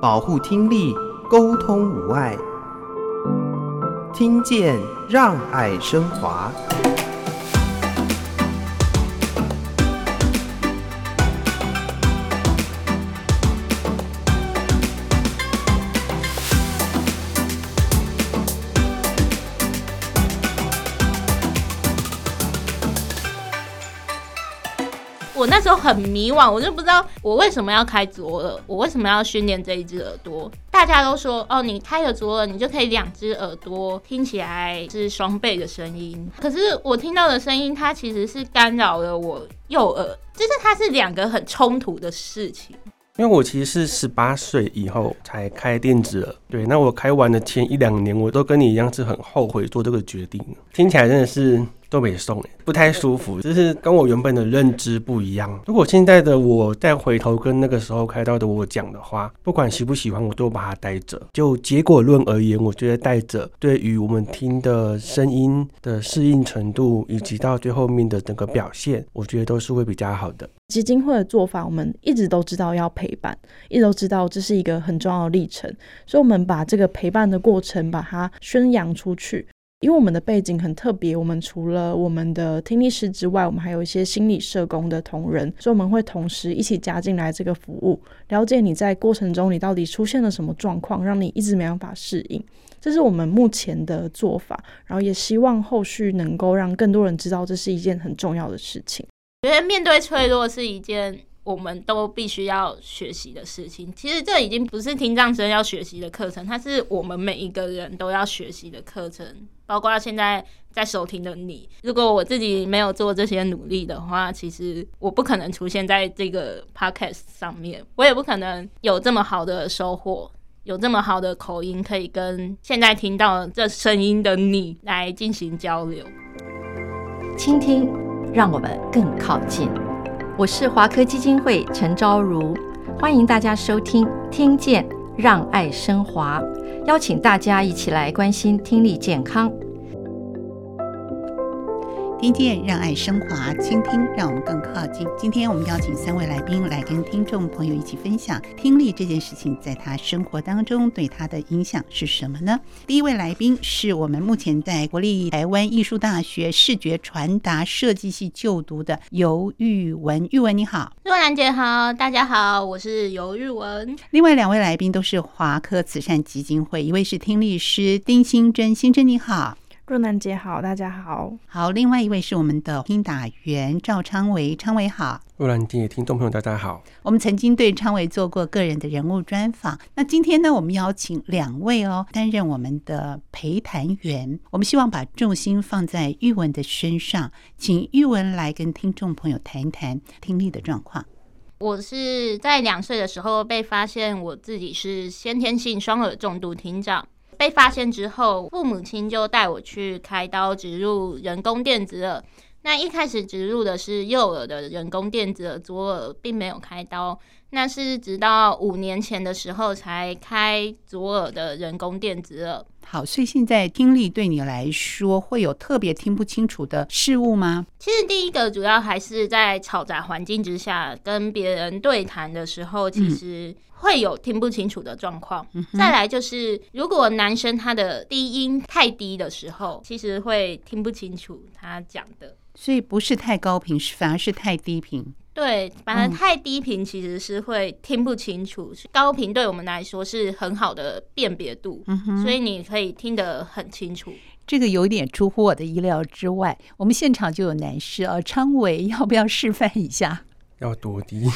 保護聽力，溝通無礙，聽見讓愛聲華。就很迷惘，我就不知道我為什麼要開左耳，我為什麼要訓練這一只耳朵？大家都說哦，你開了左耳，你就可以兩隻耳朵聽起來是雙倍的聲音。可是我聽到的聲音，它其實是干擾了我右耳，就是它是兩個很衝突的事情。因為我其實是十八歲以後才開電子耳。對，那我開完的前一兩年，我都跟你一樣是很後悔做這個決定。聽起來真的是都沒送，欸，不太舒服，就是跟我原本的認知不一樣。如果現在的我再回頭跟那個時候開刀的我講的話，不管喜不喜歡，我都把它帶着。就結果論而言，我覺得帶着對於我們聽的聲音的適應程度，以及到最後面的整個表現，我覺得都是會比較好的。基金會的做法，我們一直都知道要陪伴，一直都知道這是一個很重要的歷程，所以我們。把這個陪伴的過程把它宣揚出去，因為我們的背景很特別，我們除了我們的聽力師之外，我們還有一些心理社工的同仁，所以我們會同時一起加進來這個服務，了解你在過程中你到底出現了什麼狀況，讓你一直沒辦法適應，這是我們目前的做法，然後也希望後續能夠讓更多人知道這是一件很重要的事情。我覺得面對脆弱是一件我們都必須要學習的事情，其實這已經不是聽障生要學習的課程，它是我們每一個人都要學習的課程。包括現在在收聽的你，如果我自己沒有做這些努力的話，其實我不可能出現在這個 p o r c a s t 上面，我也不可能有這麼好的收穫，有這麼好的口音可以跟現在聽到這聲音的你來進行交流。傾聽，聽，讓我們更靠近。我是華科基金會陳昭如，歡迎大家收聽《聽見讓愛聲華》，邀請大家一起來關心聽力健康。聽見讓愛聲華，傾聽讓我們更靠近。今天我們邀請三位來賓來跟聽眾朋友一起分享聽力這件事情，在他生活當中對他的影響是什麼呢？第一位來賓是我們目前在國立台灣藝術大學視覺傳達設計系就讀的游昱玟，昱玟你好。若男姐好，大家好，我是游昱玟。另外兩位來賓都是華科慈善基金會，一位是聽力師丁歆真。歆真你好。若楠姐好，大家好。好，另外一位是我們的聽打員趙昌韋，昌韋好。若楠姐，聽眾朋友大家好。我們曾經對昌韋做過個人的人物專訪，那今天呢，我們邀請兩位哦擔任我們的陪談員。我們希望把重心放在昱玟的身上，請昱玟來跟聽眾朋友談一談聽力的狀況。我是在兩歲的時候被發現，我自己是先天性雙耳重度聽障。被發現之後，父母親就帶我去開刀植入人工電子耳。那一開始植入的是右耳的人工電子耳，左耳並沒有開刀。那是直到五年前的時候才開左耳的人工電子耳。好，所以現在聽力對你來說會有特別聽不清楚的事物嗎？其實第一個主要還是在嘈雜環境之下跟別人對談的時候，其實、嗯。會有聽不清楚的狀況。再來就是，如果男生他的低音太低的時候，其實會聽不清楚他講的。所以不是太高頻，反而是太低頻。對，反而太低頻其實是會聽不清楚。嗯、高頻對我們來說是很好的辨別度，嗯、哼所以你可以聽得很清楚。這個有點出乎我的意料之外。我們現場就有男士啊，昌韋要不要示範一下？要多低？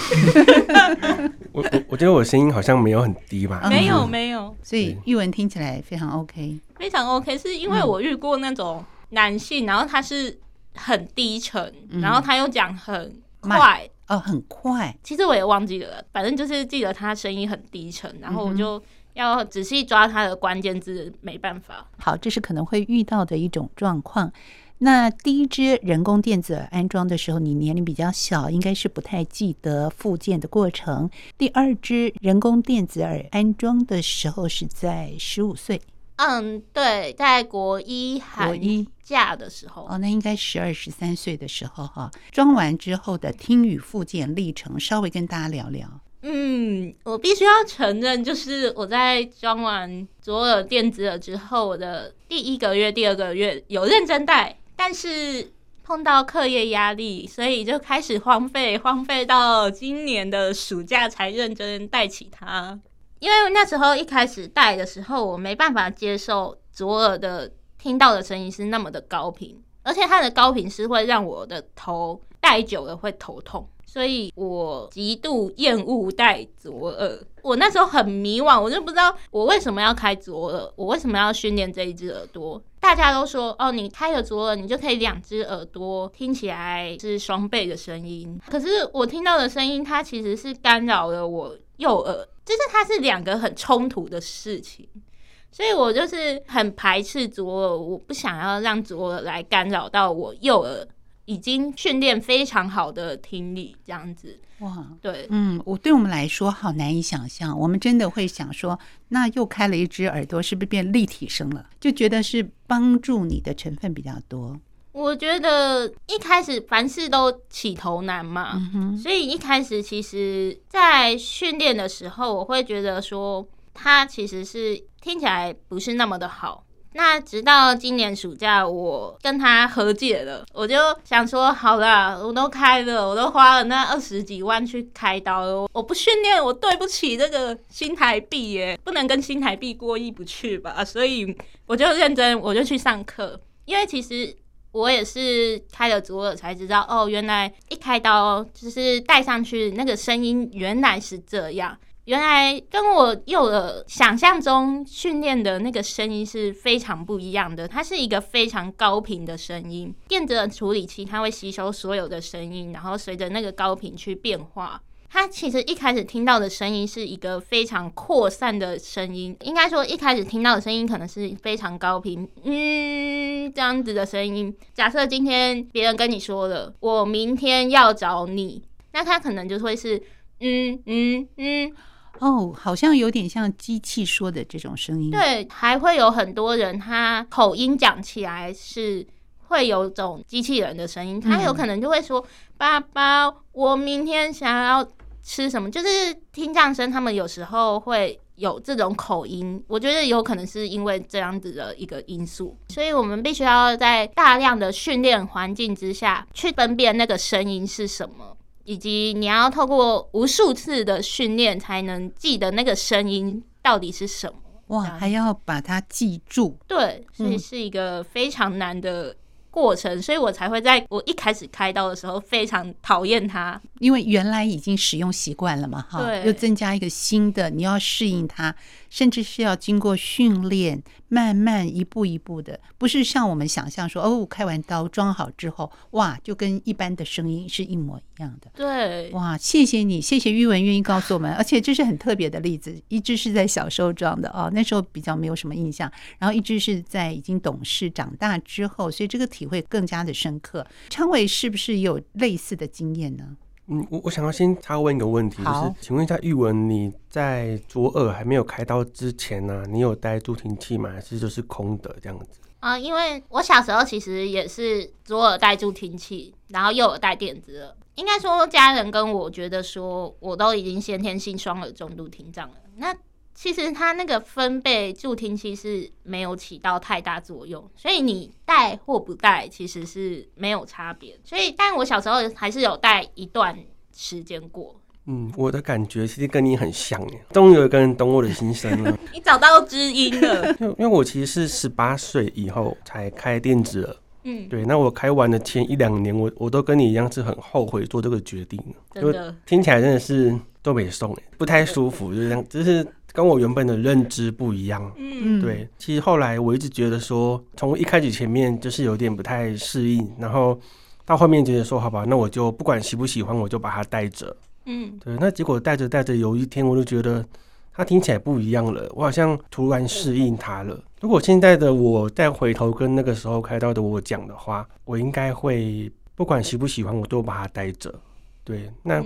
我我我覺得我聲音好像沒有很低吧？沒有沒有，嗯、所以昱玟聽起來非常 OK，非常 OK。是因為我遇過那種男性，然後他是很低沉，嗯、然後他又講很快，哦，很快。其實我也忘記了，反正就是記得他聲音很低沉，然後我就要仔細抓他的關鍵字，沒辦法。嗯、哼好，這是可能會遇到的一種狀況。那第一支人工電子耳安裝的時候，你年齡比較小，應該是不太記得復健的過程。第二支人工電子耳安裝的時候是在十五歲，嗯，對，在國一寒假的時候，哦，那應該十二十三歲的時候哈，裝完之後的聽語復健歷程，稍微跟大家聊聊。嗯，我必須要承認，就是我在裝完左耳電子耳之後，我的第一個月、第二個月有認真戴。但是碰到課業壓力，所以就開始荒廢，荒廢到今年的暑假才認真戴起它。因為那時候一開始戴的時候，我沒辦法接受左耳的聽到的聲音是那麼的高頻，而且它的高頻是會讓我的頭戴久了會頭痛。所以我極度厭惡戴左耳。我那時候很迷惘，我就不知道我為什麼要開左耳，我為什麼要訓練這一隻耳朵。大家都說，哦，你開了左耳，你就可以兩隻耳朵聽起來是雙倍的聲音。可是我聽到的聲音，它其實是干擾了我右耳，就是它是兩個很衝突的事情。所以我就是很排斥左耳，我不想要讓左耳來干擾到我右耳。已經訓練非常好的聽力，這樣子哇，對，嗯，我對我們來說好難以想象。我們真的會想說，那又開了一隻耳朵，是不是變立體聲了？就覺得是幫助你的成分比較多。我覺得一開始凡事都起頭難嘛，嗯哼，所以一開始其實，在訓練的時候，我會覺得說，它其實是聽起來不是那麼的好。那直到今年暑假，我跟他和解了，我就想說，好啦，我都開了，我都花了那二十幾萬去開刀了，我不訓練，我對不起這個新台幣耶，不能跟新台幣過意不去吧，所以我就認真，我就去上課，因為其實我也是開了左耳才知道，哦，原來一開刀就是戴上去那個聲音原來是這樣。原來跟我有了想象中訓練的那個聲音是非常不一樣的。它是一個非常高頻的聲音，電子的處理器它會吸收所有的聲音，然後隨着那個高頻去變化。它其實一開始聽到的聲音是一個非常擴散的聲音，應該說一開始聽到的聲音可能是非常高頻，嗯，這樣子的聲音。假設今天別人跟你說了，我明天要找你，那他可能就會是嗯嗯嗯。嗯嗯哦，oh, 好像有點像機器說的這種聲音。對，還會有很多人，他口音講起來是會有種機器人的聲音。他有可能就會說：“嗯、爸爸，我明天想要吃什麼？”就是聽障生，他們有時候會有這種口音。我覺得有可能是因為這樣子的一個因素，所以我們必須要在大量的訓練環境之下，去分辨那個聲音是什麼。以及你要透過無數次的訓練才能記得那個聲音到底是什麼哇，還要把它記住，對，所以是一個非常難的過程，嗯，所以我才會在我一開始開刀的時候非常討厭它，因為原來已經使用習慣了嘛，哈，對，又增加一個新的，你要適應它。甚至是要經過訓練，慢慢一步一步的，不是像我們想象說哦，開完刀裝好之後，哇，就跟一般的聲音是一模一樣的。對，哇，謝謝你，謝謝昱玟願意告訴我們，而且這是很特別的例子，一隻是在小時候裝的哦，那時候比較沒有什麼印象，然後一隻是在已經懂事長大之後，所以這個體會更加的深刻。昌韋是不是有類似的經驗呢？我我想要先插問一個問題，就是好請問一下昱玟，你在左耳還沒有開刀之前呢？啊，你有戴助聽器嗎，還是就是空的這樣子？啊、呃，因為我小時候其實也是左耳戴助聽器，然後右耳戴電子耳，應該說家人跟我覺得說我都已經先天性雙耳重度聽障了。那其實它那個分貝助聽器是沒有起到太大作用，所以你戴或不戴其實是沒有差別。所以，但我小時候還是有戴一段時間過。嗯，我的感覺其實跟你很像耶，終於有一個人懂我的心聲了。 你找到知音了。因為我其實是十八歲以後才開電子了。嗯， 對。那我開完了前一兩年，我我都跟你一樣是很後悔做這個決定。對，真的，聽起來真的是都沒送、不太舒服，對就是這樣，就是。跟我原本的認知不一樣，嗯，對，其實後來我一直覺得說，從一開始前面就是有點不太適應，然後到後面覺得說，好吧，那我就不管喜不喜歡，我就把它帶着，嗯，對，那結果帶着帶着，有一天我就覺得他聽起來不一樣了，我好像突然適應他了。如果現在的我再回頭跟那個時候開刀的我講的話，我應該會不管喜不喜歡，我都把它帶着，對，那。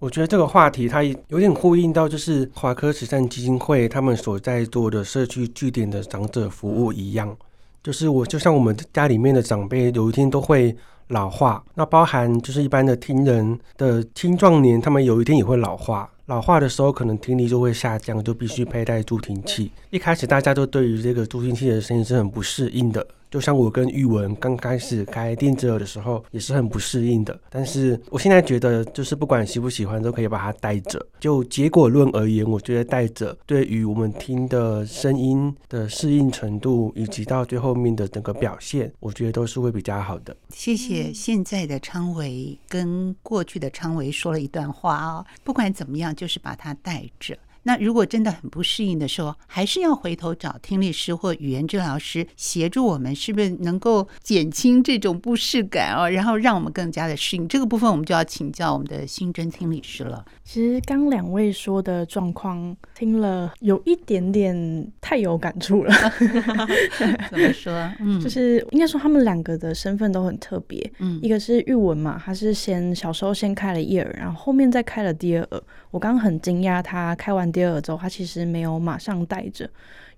我覺得這個話題它有點呼應到，就是華科慈善基金會他們所在做的社區據點的長者服務一樣，就是我就像我們家裡面的長輩，有一天都會老化。那包含就是一般的聽人的青壯年，他們有一天也會老化。老化的時候，可能聽力就會下降，就必須佩戴助聽器。一開始大家都對於這個助聽器的聲音是很不適應的。就像我跟昱玟剛開始開電子耳的時候也是很不適應的，但是我現在覺得就是不管喜不喜歡都可以把它戴着。就結果論而言，我覺得戴着對於我們聽的聲音的適應程度以及到最後面的整個表現，我覺得都是會比較好的。謝謝現在的昌韋跟過去的昌韋說了一段話啊、哦，不管怎麼樣，就是把它戴着。那如果真的很不適應的時候，還是要回頭找聽力師或語言治療師協助我們，是不是能夠減輕這種不適感哦？然後讓我們更加的適應這個部分，我們就要請教我們的歆真聽力師了。其實剛兩位說的狀況，聽了有一點點太有感觸了。 怎麼說？嗯， 就是應該說他們兩個的身份都很特別。嗯，一個是昱玟嘛，他是先小時候先開了一耳，然後後面再開了第二耳。我剛很驚訝，他開完第二周，他其實沒有馬上戴着。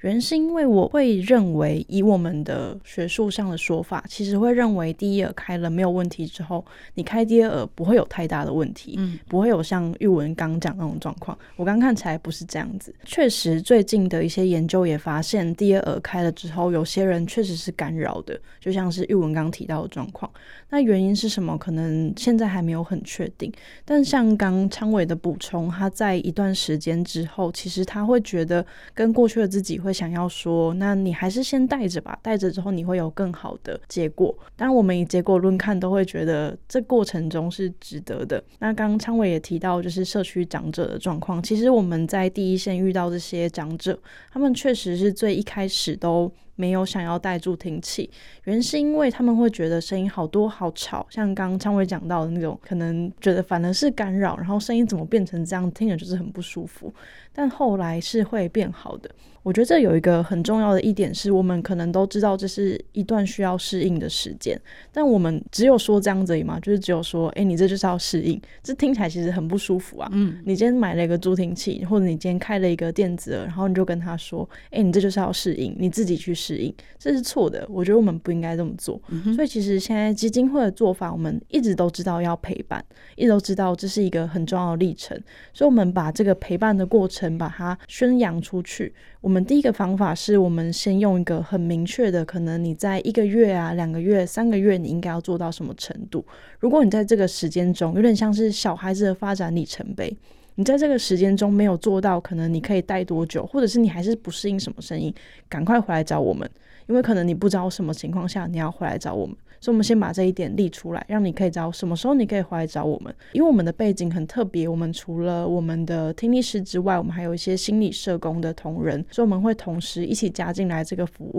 原因是因為我會認為，以我們的學術上的說法，其實會認為第一耳開了沒有問題之後，你開第二耳不會有太大的問題，嗯、不會有像昱玟剛講那種狀況。我剛看起來不是這樣子，確實最近的一些研究也發現，第二耳開了之後，有些人確實是干擾的，就像是昱玟剛提到的狀況。那原因是什麼？可能現在還沒有很確定。但像剛昌韋的補充，他在一段時間之後，其實他會覺得跟過去的自己會。想要說，那你還是先帶着吧，帶着之後你會有更好的結果。當然我們以結果論看，都會覺得這過程中是值得的。那剛剛昌韋也提到，就是社區長者的狀況，其實我們在第一線遇到這些長者，他們確實是最一開始都。沒有想要帶助聽器，原因是因為他們會覺得聲音好多好吵，像剛剛昌韋講到的那種，可能覺得反而是干擾。然後聲音怎麼變成這樣，聽着就是很不舒服。但後來是會變好的。我覺得這有一個很重要的一點是，我們可能都知道這是一段需要適應的時間，但我們只有說這樣子嘛，就是只有說，哎、欸，你這就是要適應，這聽起來其實很不舒服啊。嗯，你今天買了一個助聽器，或者你今天開了一個電子，然後你就跟他說，哎、欸，你這就是要適應，你自己去適應。適應，這是錯的。我覺得我們不應該這麼做。嗯、哼所以，其實現在基金會的做法，我們一直都知道要陪伴，一直都知道這是一個很重要的歷程。所以，我們把這個陪伴的過程把它宣揚出去。我們第一個方法是，我們先用一個很明確的，可能你在一個月啊、兩個月、三個月，你應該要做到什麼程度？如果你在這個時間中，有點像是小孩子的發展里程碑。你在這個時間中沒有做到，可能你可以待多久，或者是你還是不適應什麼聲音，趕快回來找我們，因為可能你不知道什麼情況下你要回來找我們，所以我們先把這一點列出來，讓你可以找什麼時候你可以回來找我們。因為我們的背景很特別，我們除了我們的聽力師之外，我們還有一些心理社工的同仁，所以我們會同時一起加進來這個服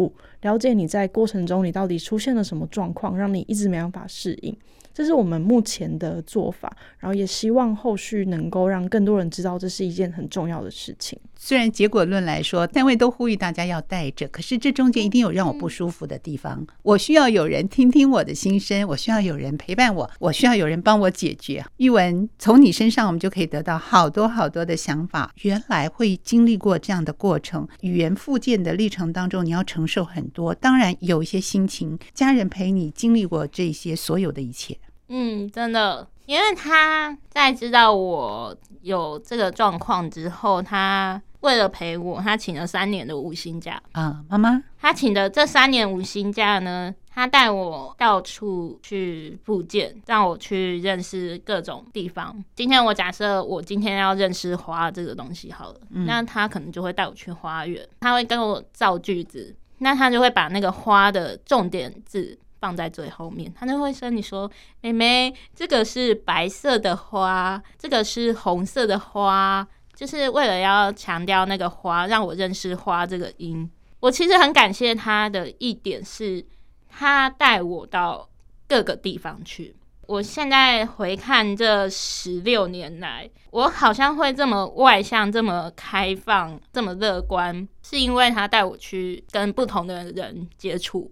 務，了解你在過程中你到底出現了什麼狀況，讓你一直沒辦法適應。這是我們目前的做法，然後也希望後續能夠讓更多人知道，這是一件很重要的事情。雖然結果論來說，單位都呼籲大家要戴着，可是這中間一定有讓我不舒服的地方。嗯，我需要有人聽聽我的心聲，我需要有人陪伴我，我需要有人幫我解決。昱玟，從你身上我們就可以得到好多好多的想法。原來會經歷過這樣的過程，語言復健的歷程當中，你要承受很多。當然有一些心情，家人陪你經歷過這些所有的一切。嗯，真的，因為他在知道我有這個狀況之後，他。為了陪我，他請了三年的無薪假啊，媽媽。他請的這三年無薪假呢，他帶我到處去復健，讓我去認識各種地方。今天我假設我今天要認識花這個東西好了，嗯、那他可能就會帶我去花園，他會跟我造句子，那他就會把那個花的重點字放在最後面，他就會說你說：“妹妹，這個是白色的花，這個是紅色的花。”就是為了要強調那個花，讓我認識花這個音。我其實很感謝他的一點是，他帶我到各個地方去。我現在回看這十六年來，我好像會這麼外向、這麼開放、這麼樂觀，是因為他帶我去跟不同的人接觸。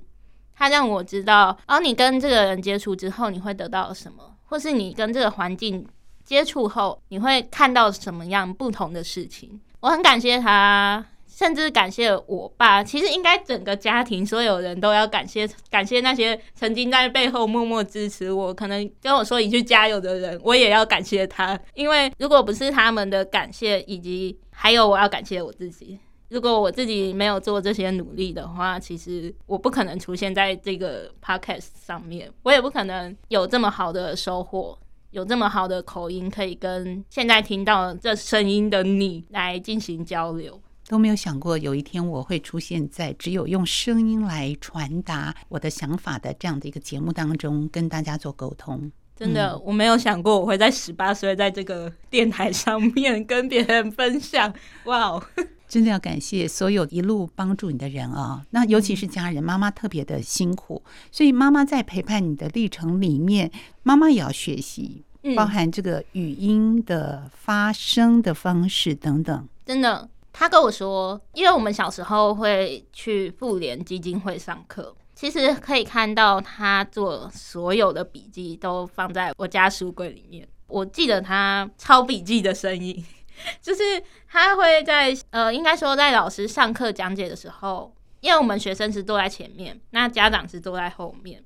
他讓我知道，哦，你跟這個人接觸之後，你會得到什麼，或是你跟這個環境，接觸後，你會看到什麼樣不同的事情？我很感謝他，甚至感謝我爸。其實應該整個家庭所有人都要感謝，感謝那些曾經在背後默默支持我、可能跟我說一句加油的人。我也要感謝他，因為如果不是他們的感謝，以及還有我要感謝我自己。如果我自己沒有做這些努力的話，其實我不可能出現在這個 podcast 上面，我也不可能有這麼好的收穫。有這麼好的口音，可以跟現在聽到的這聲音的你來進行交流，都沒有想過有一天我會出現在只有用聲音來傳達我的想法的這樣的一個節目當中，跟大家做溝通。真的，嗯、我沒有想過我會在十八歲在這個電台上面跟別人分享。哇、wow、哦！真的要感謝所有一路幫助你的人啊、哦！那尤其是家人，嗯、媽媽特別的辛苦，所以媽媽在陪伴你的歷程裡面，媽媽也要學習，嗯、包含這個語音的發聲的方式等等。真的，她跟我說，因為我們小時候會去婦聯基金會上課，其實可以看到她做所有的筆記都放在我家書櫃裡面。我記得她抄筆記的聲音。就是他會在呃，應該說在老師上課講解的時候，因為我們學生是坐在前面，那家長是坐在後面，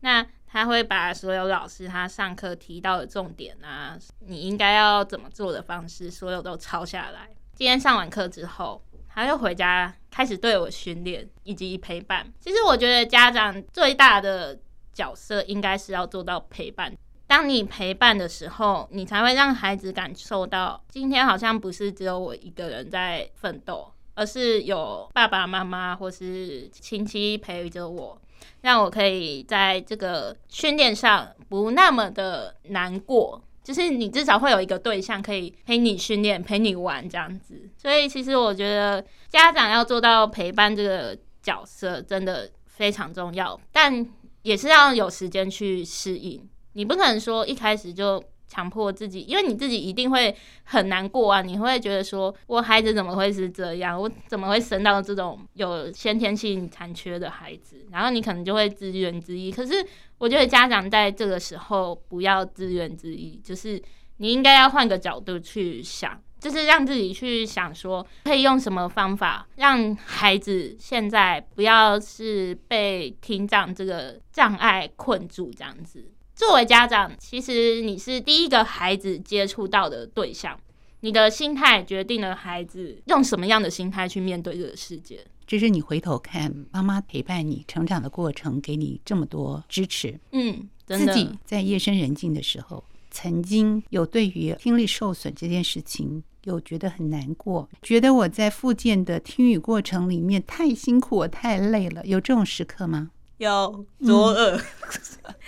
那他會把所有老師他上課提到的重點啊，你應該要怎麼做的方式，所有都抄下來。今天上完課之後，他就回家開始對我訓練以及陪伴。其實我覺得家長最大的角色應該是要做到陪伴。當你陪伴的時候，你才會讓孩子感受到，今天好像不是只有我一個人在奮鬥，而是有爸爸媽媽或是親戚陪着我，讓我可以在這個訓練上不那麼的難過。就是你至少會有一個對象可以陪你訓練、陪你玩這樣子。所以，其實我覺得家長要做到陪伴這個角色真的非常重要，但也是要有時間去適應。你不可能說一開始就強迫自己，因為你自己一定會很難過啊！你會覺得說，我孩子怎麼會是這樣？我怎麼會生到這種有先天性殘缺的孩子？然後你可能就會自怨自艾。可是，我覺得家長在這個時候不要自怨自艾，就是你應該要換個角度去想，就是讓自己去想說，可以用什麼方法讓孩子現在不要是被聽障這個障礙困住這樣子。作為家長，其實你是第一個孩子接觸到的對象，你的心態決定了孩子用什麼樣的心態去面對這個世界。就是你回頭看媽媽陪伴你成長的過程，給你這麼多支持。嗯，自己在夜深人靜的時候，曾經有對於聽力受損這件事情，有覺得很難過，覺得我在復健的聽語過程裡面太辛苦，我太累了，有這種時刻嗎？有作惡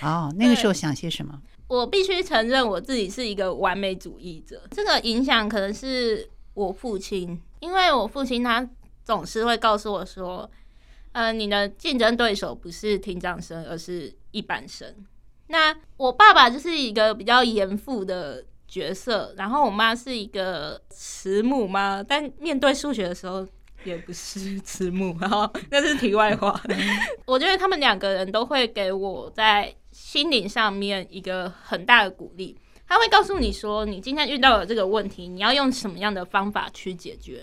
哦，那個時候想些什麼？我必須承認我自己是一個完美主義者，這個影響可能是我父親，因為我父親他總是會告訴我說：“呃，你的競爭對手不是聽障生，而是一般生。”那我爸爸就是一個比較嚴父的角色，然後我媽是一個慈母媽，但面對數學的時候。也不是慈母，然後那是題外話。 我覺得他們兩個人都會給我在心靈上面一個很大的鼓勵。他會告訴你說，你今天遇到了這個問題，你要用什麼樣的方法去解決，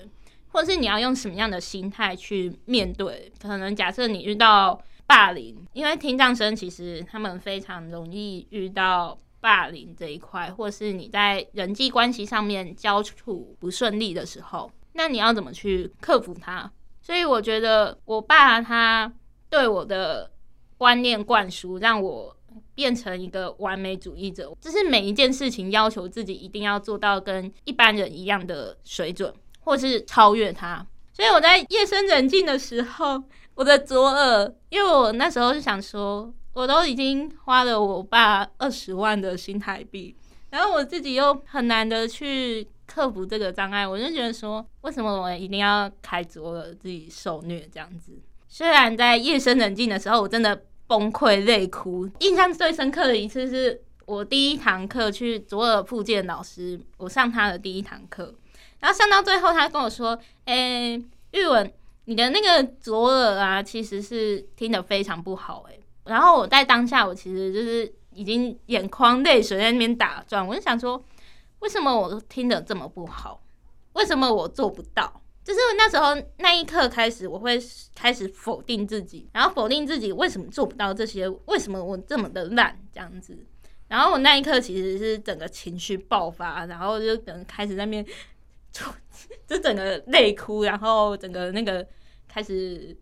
或者是你要用什麼樣的心態去面對。可能假設你遇到霸凌，因為聽障生其實他們非常容易遇到霸凌這一塊，或者是你在人際關係上面交處不順利的時候，那你要怎麼去克服它？所以我覺得我爸他對我的觀念灌輸，讓我變成一個完美主義者，這是每一件事情要求自己一定要做到跟一般人一樣的水準，或是超越他。所以我在夜深人靜的時候，我的左耳，因為我那時候是想說，我都已經花了我爸二十萬的新台幣，然後我自己又很難的去。克服這個障礙，我就覺得說，為什麼我一定要開左耳自己受虐這樣子？雖然在夜深人靜的時候，我真的崩潰淚哭。印象最深刻的一次是我第一堂課去左耳復健老師，我上他的第一堂課，然後上到最後，他跟我說：“哎、欸，昱玟，你的那個左耳啊，其實是聽得非常不好。”哎，然後我在當下，我其實就是已經眼眶淚水在那邊打轉，我就想說。為什麼我聽得這麼不好？為什麼我做不到？就是那時候那一刻開始，我會開始否定自己，然後否定自己為什麼做不到這些，為什麼我這麼的爛這樣子。然後我那一刻其實是整個情緒爆發，然後就可能開始在那邊就就整個淚哭，然後整個那個開始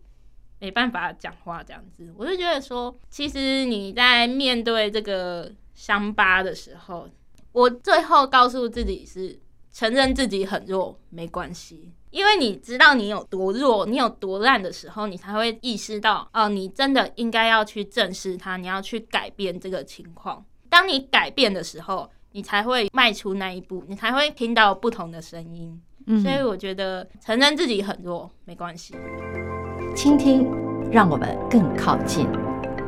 沒辦法講話這樣子。我就覺得說，其實你在面對這個傷疤的時候。我最後告訴自己是承認自己很弱沒關係，因為你知道你有多弱，你有多爛的時候，你才會意識到，哦、呃，你真的應該要去正視它，你要去改變這個情況。當你改變的時候，你才會邁出那一步，你才會聽到不同的聲音。嗯、所以我覺得承認自己很弱沒關係，傾聽，聽讓我們更靠近。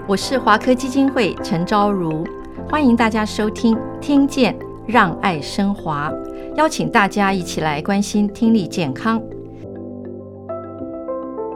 我是華科基金會陳昭如。歡迎大家收聽《聽見讓愛聲華》，邀請大家一起來關心聽力健康。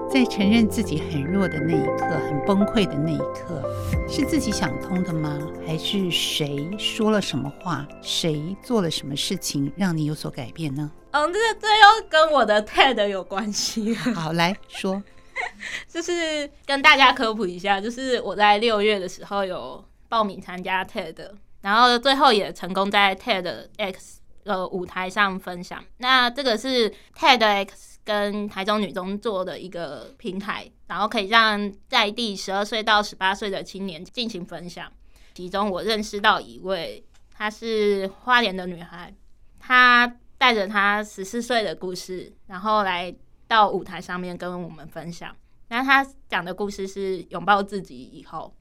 在承認自己很弱的那一刻，很崩潰的那一刻，是自己想通的嗎？還是誰說了什麼話，誰做了什麼事情讓你有所改變呢？嗯，這這又跟我的 TED 有關係好。好，來說， 就是跟大家科普一下，就是我在六月的時候有。報名參加 TED，然後最後也成功在 TED X 呃，舞臺上分享。那這個是 TED X 跟台中女中做的一個平台，然後可以讓在地十二歲到十八歲的青年進行分享。其中我認識到一位，她是花蓮的女孩，她帶着她十四歲的故事，然後來到舞台上面跟我們分享。那她講的故事是擁抱自己以後。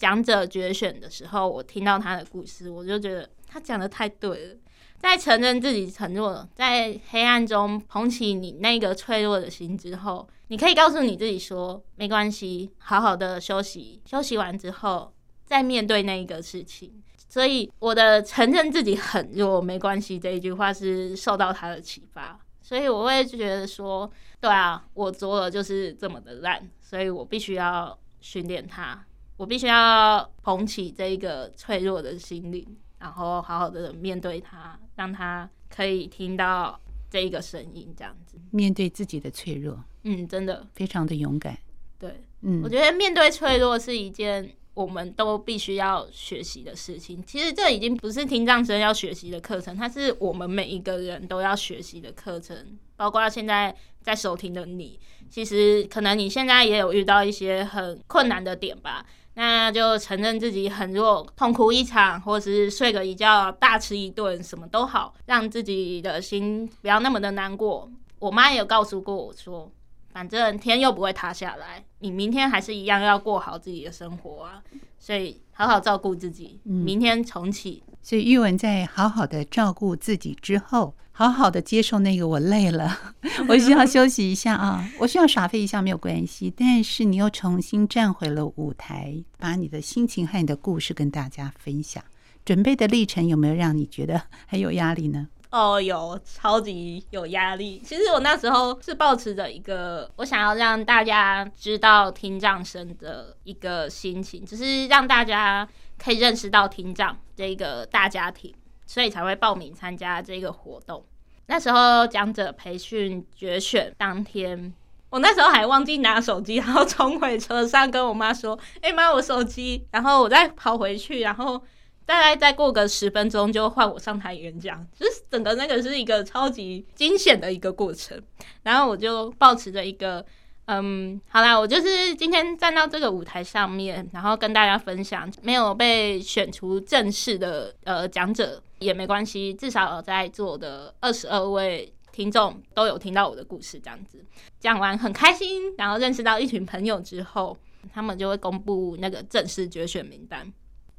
講者決選的時候，我聽到他的故事，我就覺得他講的太對了。在承認自己脆弱，在黑暗中捧起你那個脆弱的心之後，你可以告訴你自己說：“沒關係，好好的休息，休息完之後再面對那一個事情。”所以我的承認自己很弱，沒關係這一句話是受到他的啟發，所以我會覺得說：“對啊，我做的就是這麼的爛，所以我必須要訓練它。”我必須要捧起這一個脆弱的心靈，然後好好的面對它，讓它可以聽到這一個聲音，這樣子面對自己的脆弱。嗯，真的非常的勇敢。對，嗯，我覺得面對脆弱是一件我們都必須要學習的事情。其實這已經不是聽障生要學習的課程，它是我們每一個人都要學習的課程。包括現在在收聽的你，其實可能你現在也有遇到一些很困難的點吧。那就承認自己很弱，痛哭一場，或是睡個一覺，大吃一頓，什麼都好，讓自己的心不要那麼的難過。我媽也有告訴過我說，反正天又不會塌下來，你明天還是一樣要過好自己的生活啊，所以好好照顧自己，嗯、明天重啟。所以昱玟在好好的照顧自己之後。好好的接受那個，我累了，我需要休息一下啊、， 哦，我需要耍廢一下沒有關係。但是你又重新站回了舞台，把你的心情和你的故事跟大家分享。準備的歷程有沒有讓你覺得很有壓力呢？哦，有，超級有壓力。其實我那時候是抱持著一個，我想要讓大家知道聽障生的一個心情，只是讓大家可以認識到聽障這個大家庭，所以才會報名參加這個活動。那時候講者培訓決選當天，我那時候還忘記拿手機，然後衝回車上跟我媽說：“誒媽，我手機。”然後我再跑回去，然後大概再過個十分鐘就換我上台演講，就是整個那個是一個超級驚險的一個過程。然後我就抱持着一個。嗯，好啦，我就是今天站到這個舞台上面，然後跟大家分享，沒有被選出正式的呃講者也沒關係，至少有在座的二十二位聽眾都有聽到我的故事。這樣子講完很開心，然後認識到一群朋友之後，他們就會公布那個正式決選名單。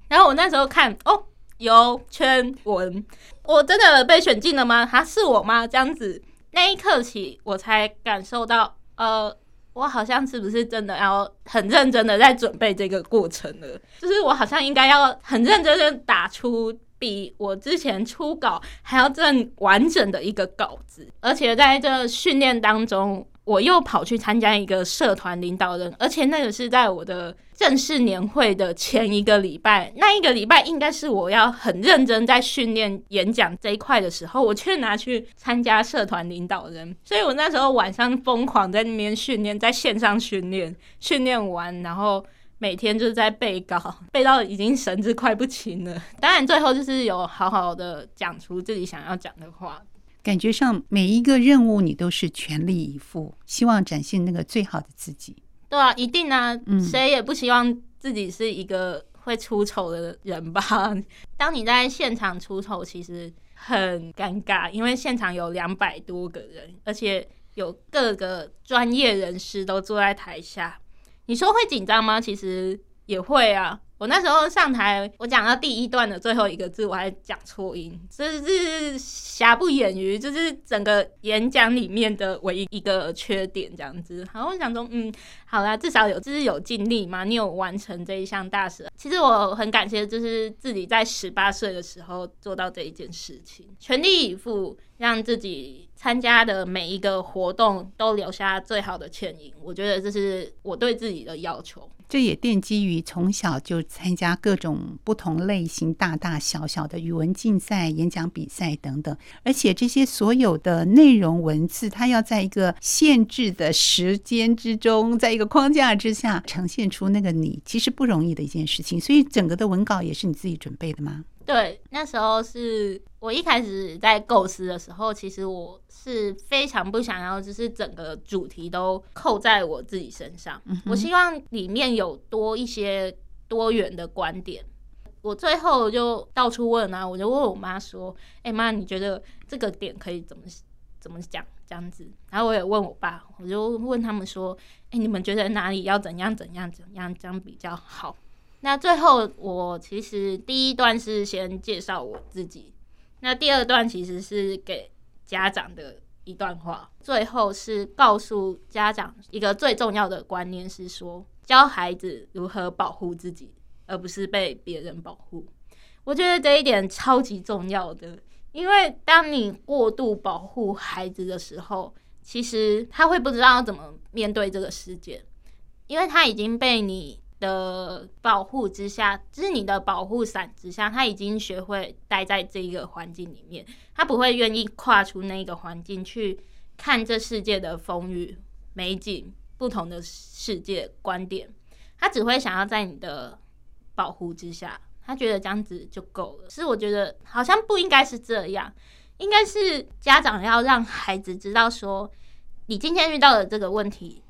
然後我那時候看，哦，游昱玟，我真的被選進了嗎？他、啊、是我嗎？這樣子那一刻起，我才感受到呃。我好像是不是真的，要很認真的在準備這個過程了。就是我好像應該要很認真的打出比我之前初稿還要更完整的一個稿子，而且在這訓練當中，我又跑去參加一個社團領導人，而且那個是在我的。正式年會的前一個禮拜，那一個禮拜應該是我要很認真在訓練演講這一塊的時候，我卻拿去參加社團領導人。所以我那時候晚上瘋狂在那邊訓練，在線上訓練，訓練完然後每天就是在背稿，背到已經神志快不清了。當然最後就是有好好的講出自己想要講的話，感覺上每一個任務你都是全力以赴，希望展現那個最好的自己。對啊，一定啊，誰、嗯、也不希望自己是一個會出醜的人吧？當你在現場出醜，其實很尷尬，因為現場有兩百多個人，而且有各個專業人士都坐在台下。你說會緊張嗎？其實也會啊。我那時候上台，我講到第一段的最後一個字，我還講錯音，這是瑕不掩瑜，就是整個演講裡面的唯一一個缺點，這樣子。然後我想說，嗯，好啦、啊，至少有就是有盡力嘛，你有完成這一項大事。其實我很感謝，就是自己在十八歲的時候做到這一件事情，全力以赴，讓自己。參加的每一個活動都留下最好的倩影，我覺得這是我對自己的要求。這也奠基於從小就參加各種不同類型、大大小小的語文競賽、演講比賽等等，而且這些所有的內容文字，它要在一個限制的時間之中，在一個框架之下呈現出那個你，其實不容易的一件事情。所以，整個的文稿也是你自己準備的嗎？對，那時候是我一開始在構思的時候，其實我是非常不想要，就是整個主題都扣在我自己身上。嗯哼。我希望裡面有多一些多元的觀點。我最後就到處問啊，我就問我媽說：“哎、欸、媽，你覺得這個點可以怎麼怎麼講？這樣子。”然後我也問我爸，我就問他們說：“哎、欸，你們覺得哪裡要怎樣怎樣怎樣這樣比較好？”那最後，我其實第一段是先介紹我自己，那第二段其實是給家長的一段話，最後是告訴家長一個最重要的觀念是說，教孩子如何保護自己，而不是被別人保護。我覺得這一點超級重要的，因為當你過度保護孩子的時候，其實他會不知道怎麼面對這個世界，因為他已經被你。的保護之下，就是你的保護傘之下，他已經學會待在這一個環境裡面，他不會願意跨出那一個環境去看這世界的風雨美景，不同的世界觀點，他只會想要在你的保護之下，他覺得這樣子就夠了。所以我覺得好像不應該是這樣，應該是家長要讓孩子知道說，你今天遇到的這個問題，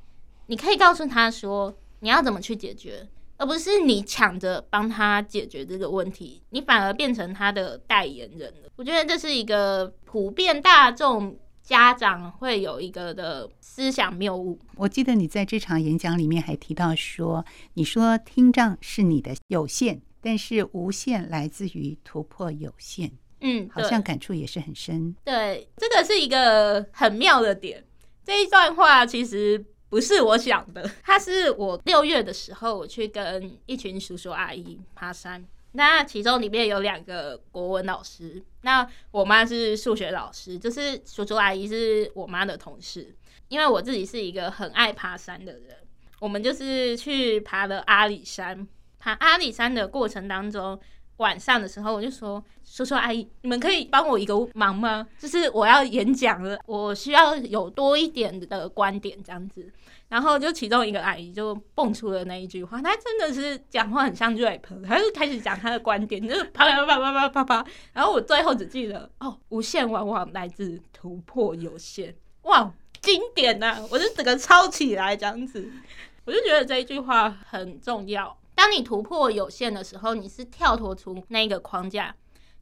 你可以告訴他說。你要怎麼去解決，而不是你搶着幫他解決這個問題，你反而變成他的代言人了。我覺得這是一個普遍大眾家長會有一個的思想謬誤。我記得你在這場演講裡面還提到說，你說聽障是你的有限，但是無限來自於突破有限。嗯，好像感觸也是很深。對，這個是一個很妙的點。這一段話其實。不是我想的，他是我六月的時候，我去跟一群叔叔阿姨爬山。那其中裡面有兩個國文老師，那我媽是數學老師，就是叔叔阿姨是我媽的同事。因為我自己是一個很愛爬山的人，我們就是去爬了阿里山。爬阿里山的過程當中，晚上的時候我就說：“叔叔阿姨，你們可以幫我一個忙嗎？就是我要演講了，我需要有多一點的觀點，這樣子。”然後就其中一個阿姨就蹦出了那一句話，她真的是講話很像 rap，她就開始講她的觀點，就是啪啪啪啪啪啪啪啪啪。然後我最後只記得哦，無限往往來自突破有限。哇，經典吶、啊！我就整個抄起來這樣子，我就覺得這一句話很重要。當你突破有限的時候，你是跳脫出那一個框架。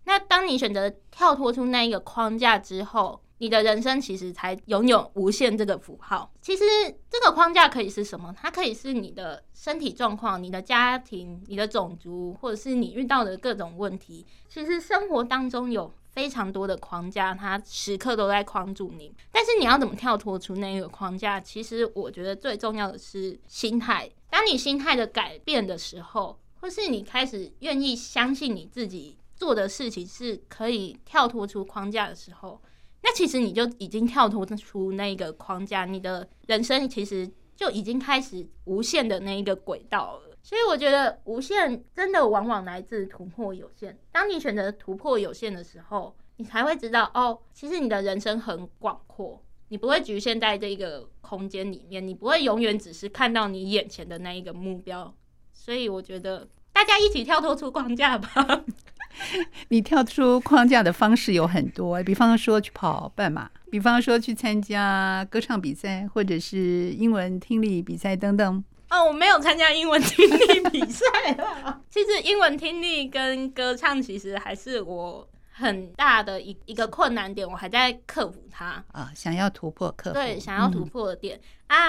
那當你選擇跳脫出那一個框架之後，你的人生其實才擁有無限這個符號。其實這個框架可以是什麼？它可以是你的身體狀況、你的家庭、你的種族，或者是你遇到的各種問題。其實生活當中有非常多的框架，它時刻都在框住你。但是你要怎麼跳脫出那個框架？其實我覺得最重要的是心態。當你心態的改變的時候，或是你開始願意相信你自己做的事情是可以跳脫出框架的時候，那其實你就已經跳脫出那個框架，你的人生其實就已經開始無限的那一個軌道了。所以我覺得無限真的往往來自突破有限。當你選擇突破有限的時候，你才會知道哦，其實你的人生很廣闊，你不會局限在這個空間裡面，你不會永遠只是看到你眼前的那一個目標。所以我覺得大家一起跳脫出框架吧。 你跳出框架的方式有很多，比方說去跑半馬，比方說去參加歌唱比賽，或者是英文聽力比賽等等。哦，我沒有參加英文聽力比賽。 其實英文聽力跟歌唱其實還是我很大的一一個困難點，我還在克服它啊、哦。想要突破，克服對想要突破的點、嗯、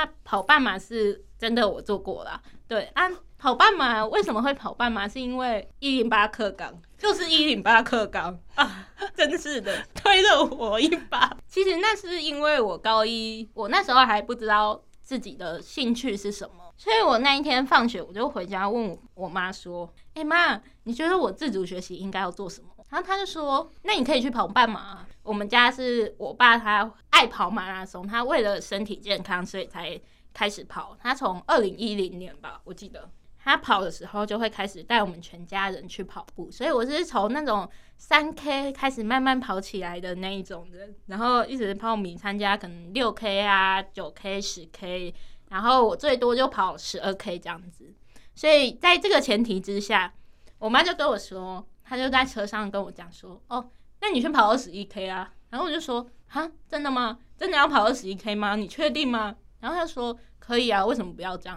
啊。跑半馬是真的，我做過了。對啊。跑半馬，為什麼會跑半馬？是因為一零八課綱，就是一零八課綱啊！真是的， 推了我一把。 其實那是因為我高一，我那時候還不知道自己的興趣是什麼，所以我那一天放學我就回家問我媽說：“哎、欸、媽，你覺得我自主學習應該要做什麼？”然後她就說：“那你可以去跑半馬。我們家是我爸，他愛跑馬拉松，他為了身體健康，所以才開始跑。他從二零一零年吧，我記得。”他跑的時候，就會開始帶我們全家人去跑步，所以我是從那種三 K 開始慢慢跑起來的那一種人，然後一直報名參加可能六 K 啊、九 K、十 K，然後我最多就跑十二 K 這樣子。所以在這個前提之下，我媽就跟我說，她就在車上跟我講說：“哦，那你去跑二十一 K 啊。”然後我就說：“哈，真的嗎？真的要跑二十一 K 嗎？你確定嗎？”然後她說：“可以啊，為什麼不要這樣？”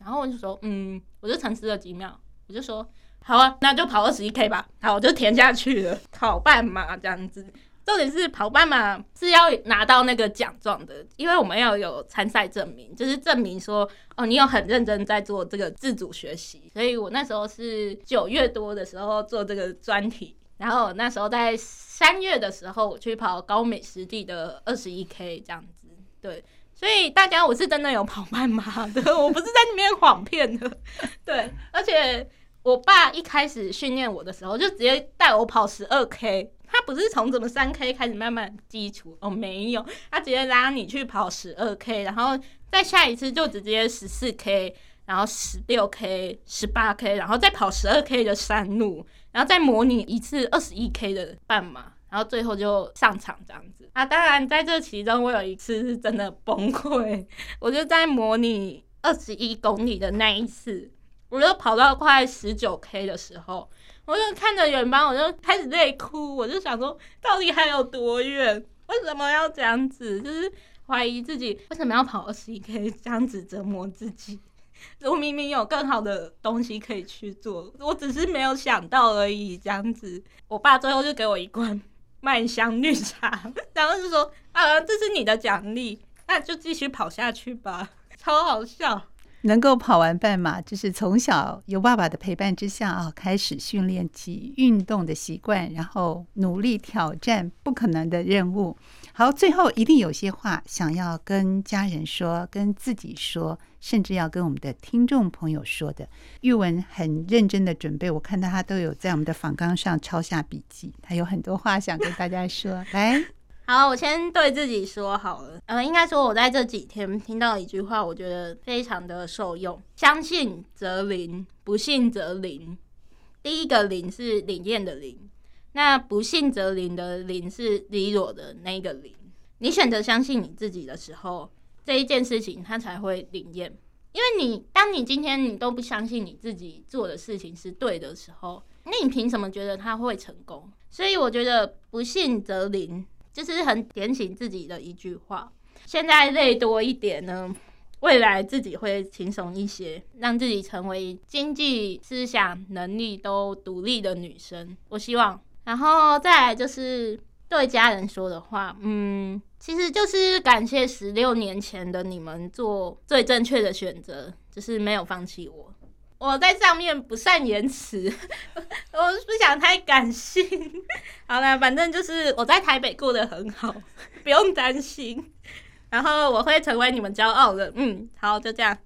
然後我就說，嗯，我就沉思了幾秒，我就說，好啊，那就跑二十一 K 吧。好，我就填下去了。跑半馬這樣子，重點是跑半馬是要拿到那個獎狀的，因為我們要有參賽證明，就是證明說，哦，你有很認真在做這個自主學習。所以我那時候是九月多的時候做這個專題，然後那時候在三月的時候我去跑高美濕地的二十一 K 這樣子，對。所以大家，我是真的有跑半馬的，我不是在那邊謊騙的。對，而且我爸一開始訓練我的時候，就直接帶我跑十二 K，他不是從什麼三 K 開始慢慢基礎哦，沒有，他直接拉你去跑十二 K，然後再下一次就直接十四 K，然後十六 K、十八 K，然後再跑十二 K 的山路，然後再模擬一次二十一 K 的半馬。然後最後就上場這樣子啊，當然在這其中，我有一次是真的崩潰，我就在模擬二十一公里的那一次，我就跑到快十九 k 的時候，我就看着遠方，我就開始淚哭，我就想說，到底還有多遠？為什麼要這樣子？就是懷疑自己為什麼要跑二十一 k，這樣子折磨自己？我明明有更好的東西可以去做，我只是沒有想到而已。這樣子，我爸最後就給我一關。麥香綠茶，然後就說啊、呃，這是你的獎勵，那就繼續跑下去吧，超好笑。能夠跑完半馬，就是從小有爸爸的陪伴之下啊，開始訓練起運動的習慣，然後努力挑戰不可能的任務。好，最後一定有些話想要跟家人說，跟自己說，甚至要跟我們的聽眾朋友說的。昱玟很認真的準備，我看到他都有在我們的訪綱上抄下筆記，他有很多話想跟大家說。 來，好，我先對自己說好了。嗯、呃，應該說我在這幾天聽到一句話，我覺得非常的受用。相信則靈，不信則靈。第一個靈是靈驗的靈。那不信則靈的靈是李若的那個靈。你選擇相信你自己的時候，這一件事情它才會靈驗。因為你當你今天你都不相信你自己做的事情是對的時候，那你憑什麼覺得它會成功？所以我覺得不信則靈，就是很點醒自己的一句話。現在累多一點呢，未來自己會輕鬆一些，讓自己成為經濟、思想、能力都獨立的女生。我希望。然後再來就是對家人說的話，嗯，其實就是感謝十六年前的你們做最正確的選擇，就是沒有放棄我。我在上面不善言辭，我不想太感性。好啦，反正就是我在台北過得很好，不用擔心。然後我會成為你們驕傲的。嗯，好，就這樣。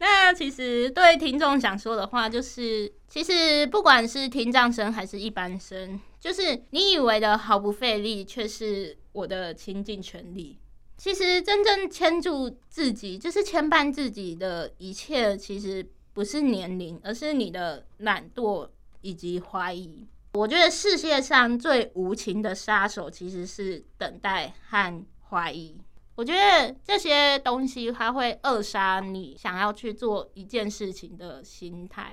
那其實對聽眾想說的話就是，其實不管是聽障生還是一般生。就是你以為的毫不費力，卻是我的傾盡全力。其實真正牽住自己，就是牽絆自己的一切。其實不是年齡，而是你的懶惰以及懷疑。我覺得世界上最無情的殺手，其實是等待和懷疑。我覺得這些東西，它會扼殺你想要去做一件事情的心態。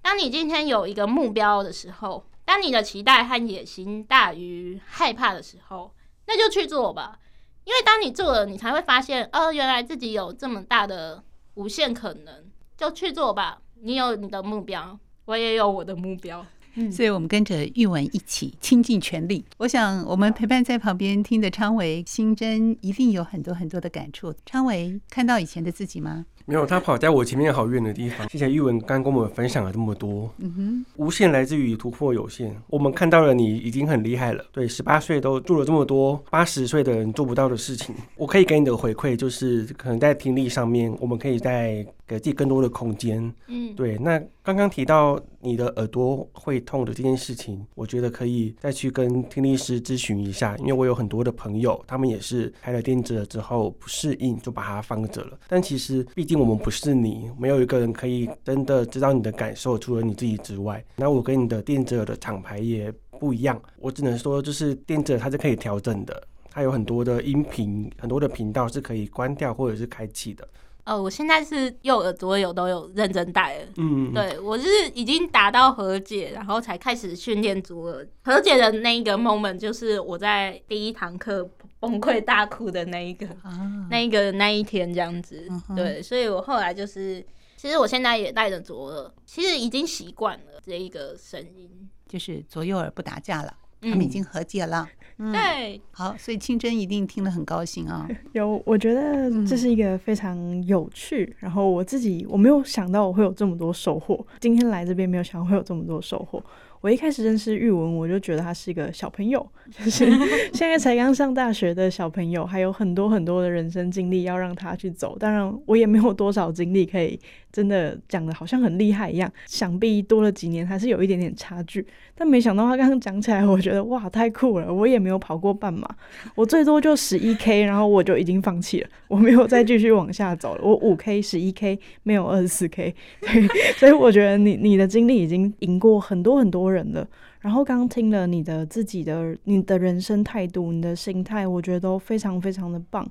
當你今天有一個目標的時候，當你的期待和野心大於害怕的時候，那就去做吧。因為當你做了，你才會發現，哦，原來自己有這麼大的無限可能。就去做吧，你有你的目標，我也有我的目標。嗯，所以我們跟着昱玟一起傾盡全力。我想，我們陪伴在旁邊聽的昌韋、歆真，一定有很多很多的感觸。昌韋，看到以前的自己嗎？沒有，他跑在我前面好遠的地方。謝謝昱玟剛跟我們分享了這麼多，嗯、哼無限來自於突破有限。我們看到了你已經很厲害了，對，十八歲都做了這麼多，八十歲的人做不到的事情。我可以給你的回饋就是，可能在聽力上面，我們可以再給自己更多的空間。嗯，對，那。剛剛提到你的耳朵會痛的這件事情，我覺得可以再去跟聽力師諮詢一下，因為我有很多的朋友，他們也是開了電子耳之後不適應，就把它放着了。但其實畢竟我們不是你，沒有一個人可以真的知道你的感受，除了你自己之外。那我跟你的電子耳的廠牌也不一樣，我只能說，就是電子耳它是可以調整的，它有很多的音頻，很多的頻道是可以關掉或者是開啟的。哦，我現在是幼兒右耳、左耳都有，都有認真戴了。嗯，對，我就是已經達到和解，然後才開始訓練左耳。和解的那一個 moment 就是我在第一堂課崩潰大哭的那一個，啊、那一個那一天這樣子。嗯、哼對，所以我後來就是，其實我現在也帶着左耳，其實已經習慣了這一個聲音，就是左右耳不打架了。他們已經和解了，嗯嗯、對，好，所以歆真一定聽得很高興啊、哦。有，我覺得這是一個非常有趣，嗯、然後我自己我沒有想到我會有這麼多收穫。今天來這邊沒有想到會有這麼多收穫。我一開始認識昱玟，我就覺得他是一個小朋友，就是現在才剛上大學的小朋友， 還有很多很多的人生經歷要讓他去走。當然，我也沒有多少精力可以。真的講的好像很厲害一樣，想必多了幾年還是有一點點差距。但沒想到他剛剛講起來，我覺得哇，太酷了！我也沒有跑過半馬，我最多就十一 K，然後我就已經放棄了，我沒有再繼續往下走了。我五 K、十一 K 沒有二十四 K，所以我覺得你你的經歷已經贏過很多很多人了。然後剛剛聽了你的自己的你的人生態度、你的心態，我覺得都非常非常的棒。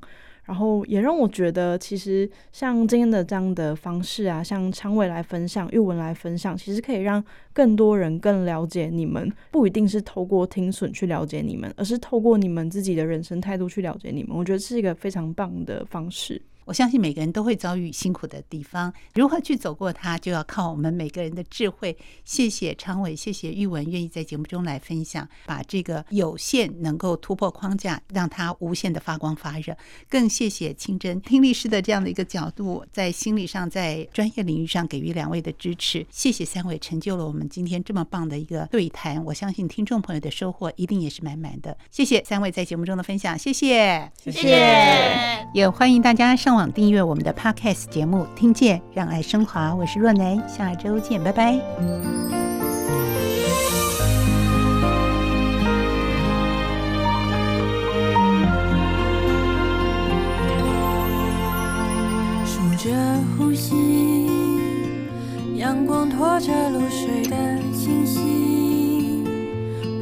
然後也讓我覺得，其實像今天的這樣的方式啊，像昌韋來分享，昱玟來分享，其實可以讓更多人更了解你們。不一定是透過聽損去了解你們，而是透過你們自己的人生態度去了解你們。我覺得是一個非常棒的方式。我相信，每個人都會遭遇辛苦的地方，如何去走過它，就要靠我們每個人的智慧。謝謝昌韋，謝謝昱玟，願意在節目中來分享，把這個有限能夠突破框架，讓它無限的發光發熱。更謝謝歆真聽力師的這樣的一個角度，在心理上，在專業領域上給予兩位的支持。謝謝三位，成就了我們今天這麼棒的一個對談。我相信聽眾朋友的收穫一定也是滿滿的。謝謝三位在節目中的分享，謝謝，謝謝，也歡迎大家上網，訂閱我們的 Podcast 節目《聽見讓愛聲華》，我是若男，下周見，拜拜。數着呼吸，陽光拖着露水的清新，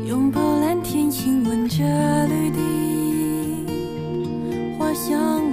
擁抱藍天，親吻着綠地，花香。